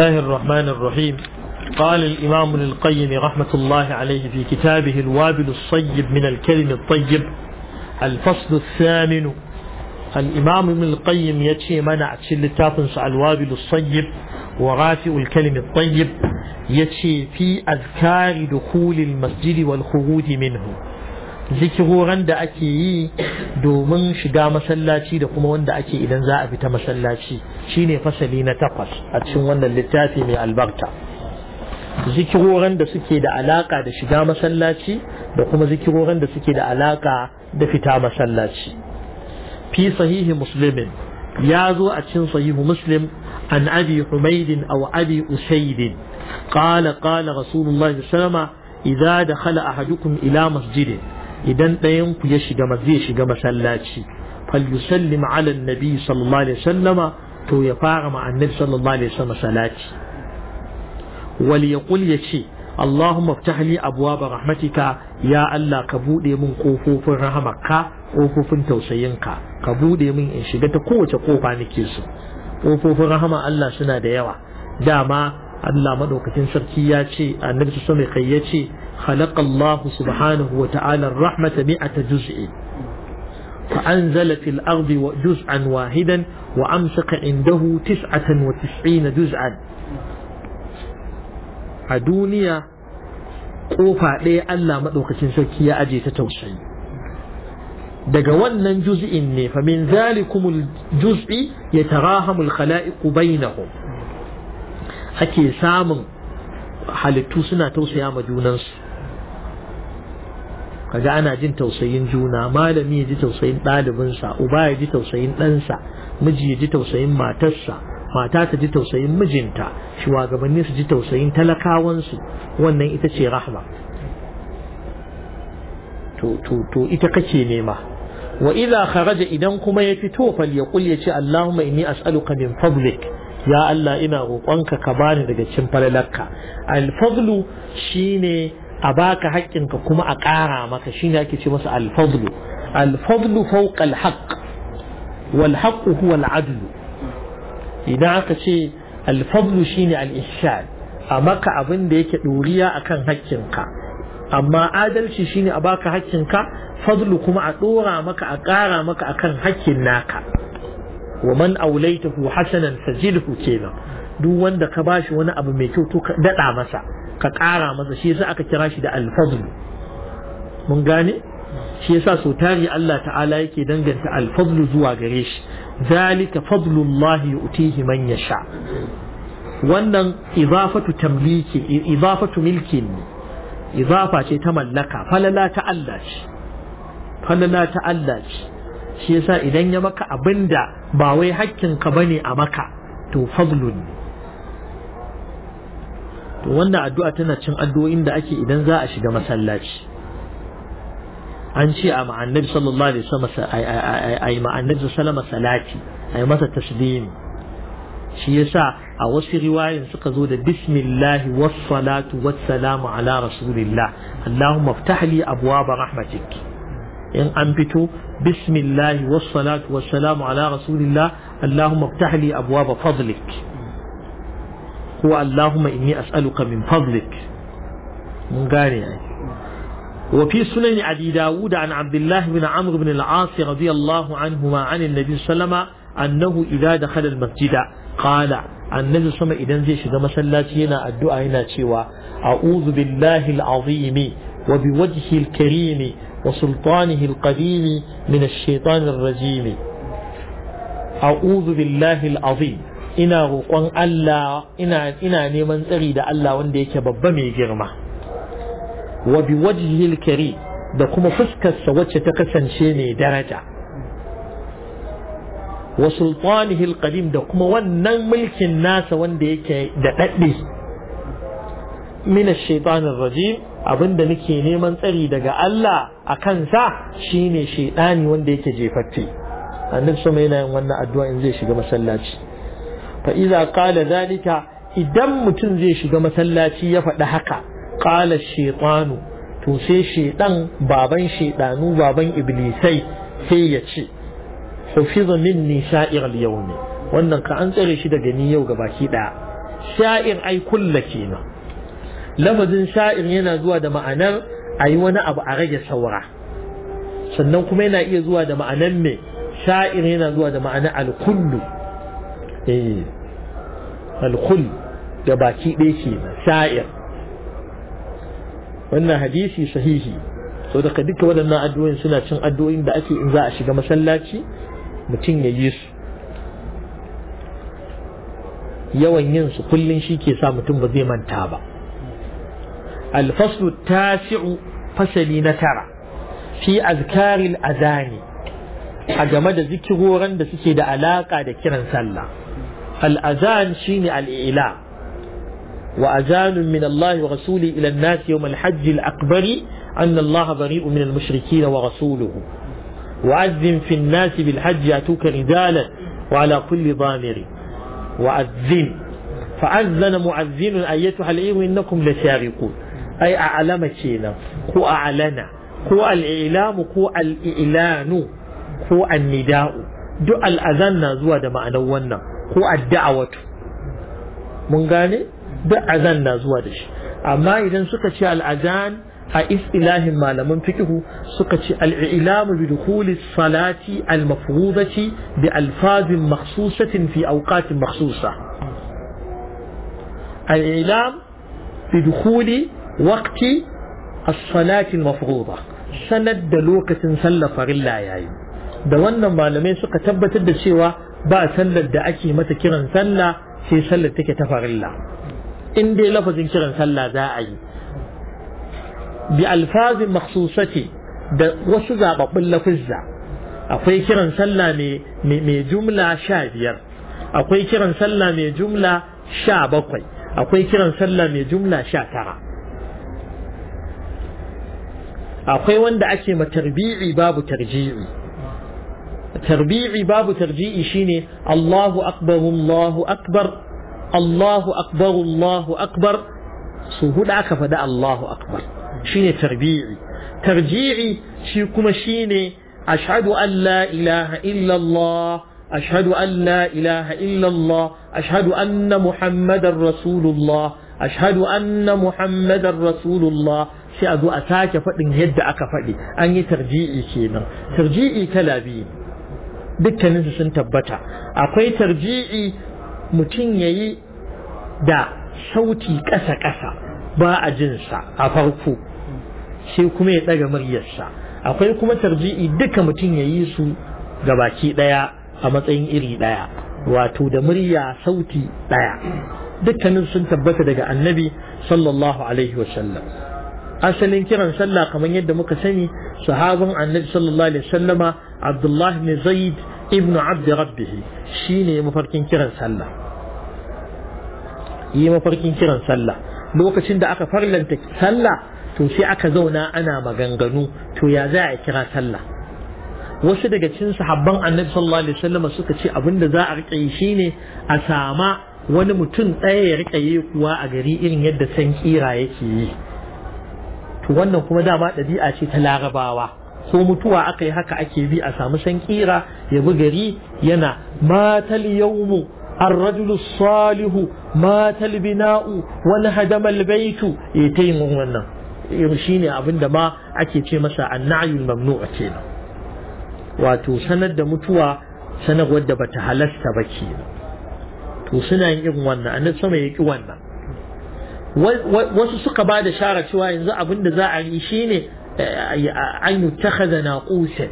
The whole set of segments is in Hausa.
الله الرحمن الرحيم قال الإمام القيم رحمة الله عليه في كتابه الوابل الصيب من الكلم الطيب الفصل الثامن الإمام ابن القيم يتشي منع لتافنس الوابل الصيب ورافئ الكلم الطيب يتشي في أذكار دخول المسجد والخروج منه zikiroran da ake yi domin shiga masallaci da kuma wanda ake idan za a fita masallaci shine fasali na takwas a cikin wannan littafi mai albarta zikiroran da suke da alaka da shiga masallaci da kuma zikiroran da suke da alaka da fita masallaci fi sahihi muslimin ya zo a cikin sahihu muslim an abi humaidin aw abi usaidin qala qala rasulullahi sallallahu idza dakhala ahadukum ila masjidin idan ɗayan ku ya shiga zai shiga masallaci falyusallim ala nabi sallallahu alaihi sallama to ya fara ma annabi sallallahu alaihi wasallam salati wal yaqul yace اللهم افتح لي أبواب رحمتك يا الله كبودي من قفوف رحمك قفوف توسينك كبودي من إن شدت قوة قوفة نكيس قفوف رحمة الله سنة ديوة داما Allah maɗaukacin sarki ya ce annabi su mai kai ya ce خلق الله سبحانه وتعالى الرحمة مئة جزء فأنزل في الأرض جزءا واحدا وأمسك عنده تسعة وتسعين جزءا a duniya kofa ɗaya Allah maɗaukacin sarki ya ajiye ta tausayi daga wannan juz'in ne fa min zalikumul juz'i yatarahamul khala'iqu ake samun halittu suna tausaya ma junansu kaga ana jin tausayin juna malami ya ji tausayin ɗalibinsa uba ya ji tausayin ɗansa miji ya ji tausayin matarsa mata ta ji tausayin mijinta shugabanni su ji tausayin talakawansu wannan ita ce rahma to ita kake nema wa idza kharaja idan kuma ya fito fal yaqul yace allahumma inni as'aluka min fadlik ya Allah ina roƙonka ka bani daga cikin falalarka alfadlu shine a baka haƙƙinka kuma a ƙara maka shine ake ce masa alfadlu alfadlu fawqa alhaq wal haqq huwa idan aka ce alfadlu shine al-ihsan a maka abin da yake ɗuriya akan haƙƙinka amma adalci shine a baka haƙƙinka fadlu kuma a ɗora maka a ƙara maka akan haƙƙin naka wa man aulaitahu hasanan sajidhu kenan duk wanda ka bashi wani abu mai kyau to ka dada masa ka kara masa shi aka kira shi da alfablu. fadl mun gane shi yasa so tari Allah ta'ala yake danganta alfablu zuwa gare shi zalika fadlullahi yu'tihi man yasha wannan idafatu tamliki idafatu milkin idafa ce ta mallaka falala ta Allah ce falala ta Allah ce shi yasa idan ya maka abinda ba wai hakkinka ba ne a maka to fadlun to wanda addu'a tana cin addu'o'in da ake idan za a shiga masallaci an ce a ma'annabi sallallahu alaihi wasallam a sallama salati a yi masa taslimi shi yasa a wasu riwayoyin suka zo da bismillahi was salatu was salamu ala rasulillah allahumma iftah li abwaaba rahmatik in an fito bismillah wassalatu wassalamu ala rasulillah allahumma iftah li abwaba fadlik ko allahumma inni as'aluka min fadlik mun gane ai وفي سنن أبي داود عن عبد الله بن عمرو بن العاص رضي الله عنهما عن النبي صلى الله عليه وسلم أنه إذا دخل المسجد قال النبي صلى الله عليه وسلم إذا زي شغل مسلاتينا الدعاء هنا أعوذ بالله العظيم وبوجهه الكريم وسلطانه القديم من الشيطان الرجيم أعوذ بالله العظيم ina roƙon Allah ina neman tsari da Allah wanda yake babba mai girma wa bi wajhil kari da kuma fuskarsa wacce ta kasance mai daraja wa sultanihi da kuma wannan mulkin nasa wanda yake da daddi min ash rajim abin da muke neman tsari daga Allah a kansa shine shaidani wanda yake jefaffe annabi sama yana yin wannan addu'a in zai shiga masallaci fa iza qala zalika idan mutum zai shiga masallaci ya faɗi haka qala shaytanu to sai baban shaidanu baban iblisai sai ya ce hufiza minni sha'ir al-yawm wannan ka an tsare shi daga ni yau baki ɗaya. sha'ir ai kulla kenan lafazin sha'ir yana zuwa da ma'anar a yi wani abu a rage saura sannan kuma yana iya zuwa da ma'anar me sha'ir yana zuwa da ma'anar alkullu eh da baki ɗaya ke sha'ir wannan hadisi sahihi sau daga duka waɗannan addu'o'in suna cin addu'o'in da ake in za a shiga masallaci mutum ya yi su yawan yin su kullum shi ke sa mutum ba zai manta ba الفصل التاسع فصل نترى في أذكار الأذان أجمع ذكرورا بسيكي دا علاقة دا كيران سلا الأذان شين الإعلاء وأذان من الله ورسوله إلى الناس يوم الحج الأكبر أن الله بريء من المشركين ورسوله وأذن في الناس بالحج أتوك رجالا وعلى كل ضامر وأذن فأذن معذن أيتها العير إنكم لسارقون ai a'lama kenan ko a'lana ko al'ilamu ko al'ilanu ko annida'u duk al'azan na zuwa da ma'anar wannan ko adda'awatu mun gane duk azan na zuwa da shi amma idan suka ce al'azan a istilahin malaman fikihu suka ce al'ilamu bi dukuli salati al-mafrudati bi alfazin makhsusatin fi awqatin makhsusa al'ilam bi dukuli waqti as-salati mafruḍa sanad da lokacin sallar farilla yayi da wannan malamai suka tabbatar da cewa ba sallar da ake mata kiran sallah sai sallar take ta farilla in dai lafazin kiran sallah za a yi bi alfazin makhsusati da wasu zababbun lafizza akwai kiran sallah mai jumla sha biyar akwai kiran sallah mai jumla sha bakwai akwai kiran sallah mai jumla sha tara akwai wanda ake ma tarbi'i babu tarji'i tarbi'i babu tarji'i shine Allahu akbar Allahu akbar Allahu akbar Allahu akbar su huda aka fada Allahu akbar shine tarbi'i tarji'i shi kuma shine ashhadu an la ilaha illa Allah ashhadu an la ilaha illa Allah ashhadu anna Muhammadar Rasulullah ashhadu anna Muhammadar Rasulullah sai a zo a sake faɗin yadda aka faɗi an yi tarji'i kenan tarji'i kala biyu dukkaninsu sun tabbata akwai tarji'i mutum ya yi da sauti ƙasa-ƙasa ba a jinsa a farko sai kuma ya ɗaga muryarsa akwai kuma tarji'i duka mutum ya yi su ga baki ɗaya a matsayin iri ɗaya wato da murya sauti ɗaya dukkanin sun tabbata daga annabi sallallahu alaihi wasallam asalin kiran sallah kamar yadda muka sani sahabin annabi sallallahu alaihi wasallama abdullahi ibn zaid ibn abd rabbih shine mafarkin kiran sallah yi mafarkin kiran sallah lokacin da aka farlanta sallah to sai aka zauna ana maganganu to ya za a kira sallah wasu daga cikin sahabban annabi sallallahu alaihi wasallama suka ce abinda za a rike shine a sama wani mutum ɗaya ya rike yi kuwa a gari irin yadda san kira yake yi to wannan kuma dama ɗabi'a ce ta larabawa ko mutuwa aka yi haka ake bi a samu san kira ya bi gari yana matal yawmu الرجل الصالح مات البناء وانهدم البيت يتيم wannan eh, shine abinda ma ake ce masa annayul mamnu'a kenan wato sanar da mutuwa sanarwar da bata halasta ba kenan to suna yin irin wannan annabi sama ya ki wannan wasu suka ba da shara cewa yanzu abin da za a yi shine eh, an yutakhadha naqusan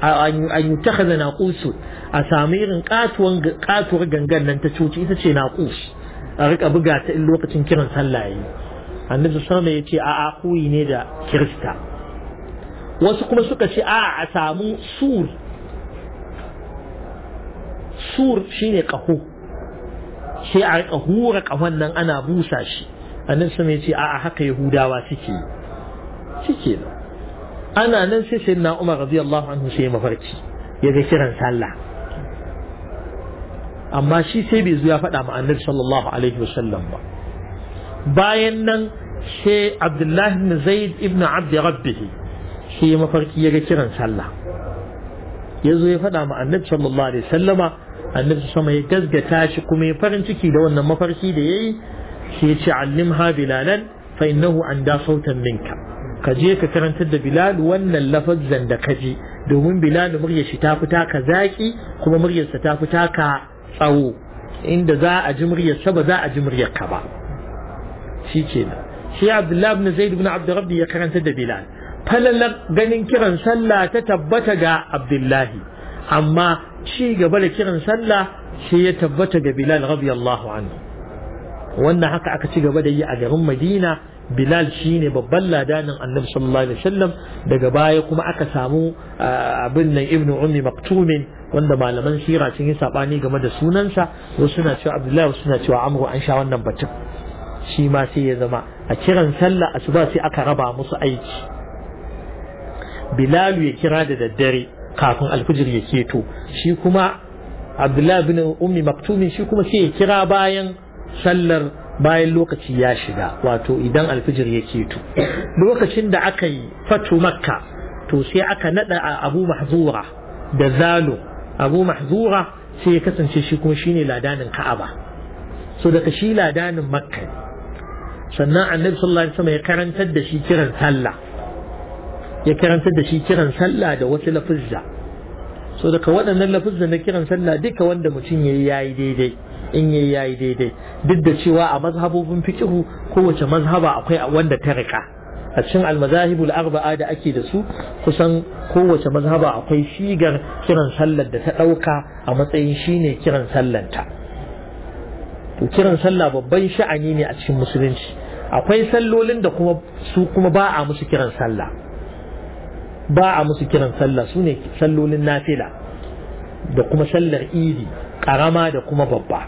an yutakhadha a sami irin ƙatuwar katuwar gangan nan ta cuci ita ce naqus a rika buga ta in lokacin kiran sallaye. yi annabi sama ya ce a'a kuyi ne da kirista wasu kuma suka ce a'a a samu sur sur shine kaho sai a rika hura kafan nan ana busa shi annan sama ya ce a'a haka yahudawa suke suke ana nan sai sai na umar radiyallahu anhu sai mafarki ya ga kiran sallah amma shi sai bai zo ya faɗa ma annabi sallallahu alaihi wa sallam ba bayan nan sai abdullahi ibn zaid ibn abd rabbih sai mafarki ya ga kiran sallah ya zo ya faɗa ma annabi sallallahu alaihi wa wasallama annabi sama ya gazgata shi kuma ya farin ciki da wannan mafarki da yayi shi ya ce allimha bilalan fa innahu an da sautan minka ka je ka karantar da bilal wannan lafazan da ka ji domin bilal muryar shi ta fita ka zaki kuma muryar sa ta fita ka tsawo inda za a ji muryar sa ba za a ji muryar ka ba shi kenan shi abdullahi ibn zaid ibn abdurrabbi ya karantar da bilal falalar ganin kiran sallah ta tabbata ga abdullahi amma ci gaba da kiran sallah sai ya tabbata ga Bilal radiyallahu anhu wannan haka aka ci gaba da yi a garin Madina Bilal shine babban ladanin Annabi sallallahu alaihi wasallam daga baya kuma aka samu ah, abin nan Ibn Ummi Maktumin wanda malaman sira sun yi sabani game da sunansa wasu suna cewa Abdullahi wasu suna cewa Amru an sha wannan batun shi ma sai ya zama a kiran sallah asuba sai aka raba musu aiki Bilal ya kira da daddare kafin alfijir ya keto shi kuma abdullahi bin ummi maktumin shi kuma sai ya kira bayan sallar bayan lokaci ya shiga wato idan alfijir ya keto lokacin da aka yi fatu makka to sai aka nada abu mahzura da zalo abu mahzura sai ya kasance shi kuma shine ladanin ka'aba so daga shi ladanin makka sannan annabi sallallahu alaihi wasallam ya karantar da shi kiran sallah ya karanta da shi kiran sallah da wasu lafizza so daga waɗannan lafizza na kiran sallah duka wanda mutum yayi yayi daidai in yayi yayi daidai duk da cewa a mazhabobin fikihu kowace mazhaba akwai wanda ta rika a cikin almazahibul arba'a da ake da su kusan kowace mazhaba akwai shigar kiran sallar da ta ɗauka a matsayin shine kiran sallanta to kiran sallah babban sha'ani ne a cikin musulunci akwai sallolin da kuma su kuma ba a musu kiran sallah ba a musu kiran sallah su ne sallolin nafila da kuma sallar idi ƙarama da kuma babba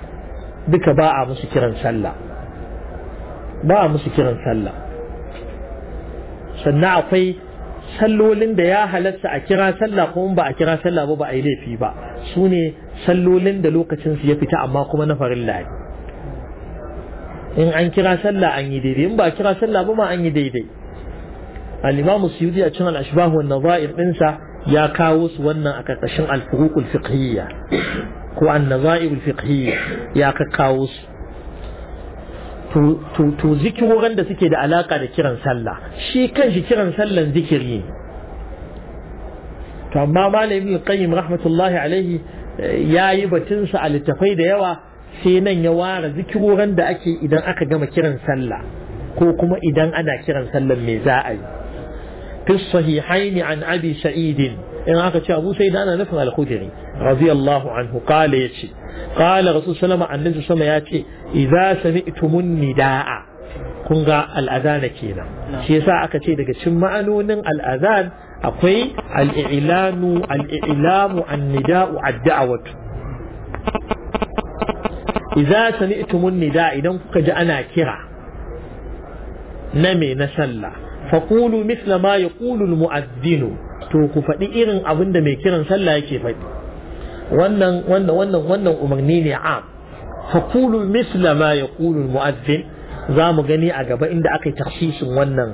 duka ba a musu kiran sallah ba a musu kiran sallah sannan akwai sallolin da ya halarta a kira sallah kuma ba a kira sallah ba ba a yi laifi ba su ne sallolin da lokacin su ya fita amma kuma na farin lafi in an kira sallah an yi daidai in ba a kira sallah ba ma an yi daidai al-imam suyudi a cikin al wa nadha'ir dinsa ya kawo su wannan a karkashin al-furuq ko an-nadha'ir al ya kawo su to to da suke da alaka da kiran sallah shi kanshi kiran sallar zikiri to amma malamin qayyim rahmatullahi alaihi yayi batun sa a littafai da yawa sai nan ya wara zikiroran da ake idan aka gama kiran sallah ko kuma idan ana kiran sallar me za a في الصحيحين عن أبي سعيد إن أكتش أبو سعيد أنا نفهم الخدري رضي الله عنه قال يتشي قال رسول صلى الله عليه وسلم يتشي إذا سمعتم النداء kun ga al'adana kenan shi yasa aka ce daga cikin ma'anonin al'azan akwai al'ilanu al'ilamu annida'u ad-da'watu idza sami'tumun nida idan kuka ji ana kira na na sallah faqulu mithla ma yaqulu almu'adhdhin to ku faɗi irin abin da mai kiran sallah yake faɗi wannan wannan wannan wannan umarni ne am faqulu mithla ma yaqulu almu'adhdhin za mu gani a gaba inda aka yi tafsisin wannan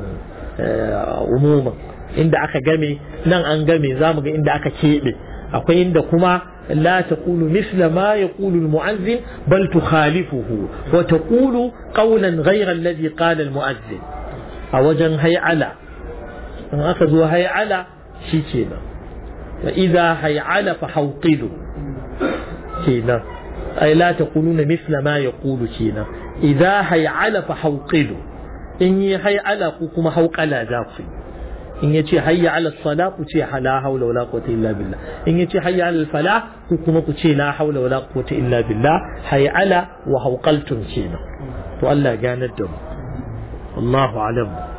eh, umumin inda aka game nan an game za mu ga inda aka keɓe akwai inda kuma لا تقول مثل ما يقول المؤذن بل تخالفه وتقول قولا غير الذي قال المؤذن a wajen hay'ala in aka zo hay'ala shi kenan wa idza hay'ala fa hawqidu kenan ay la taquluna mithla ma yaqulu kenan idza hay'ala fa hawqidu in yi hay'ala ku kuma hawqala za ku in yace hayya ala sala ku ce la haula wala quwwata illa billah in yace hayya ala falah ku kuma ku ce la haula wala quwwata illa billah hay'ala wa hawqaltum kenan to Allah ganar da mu والله أعلم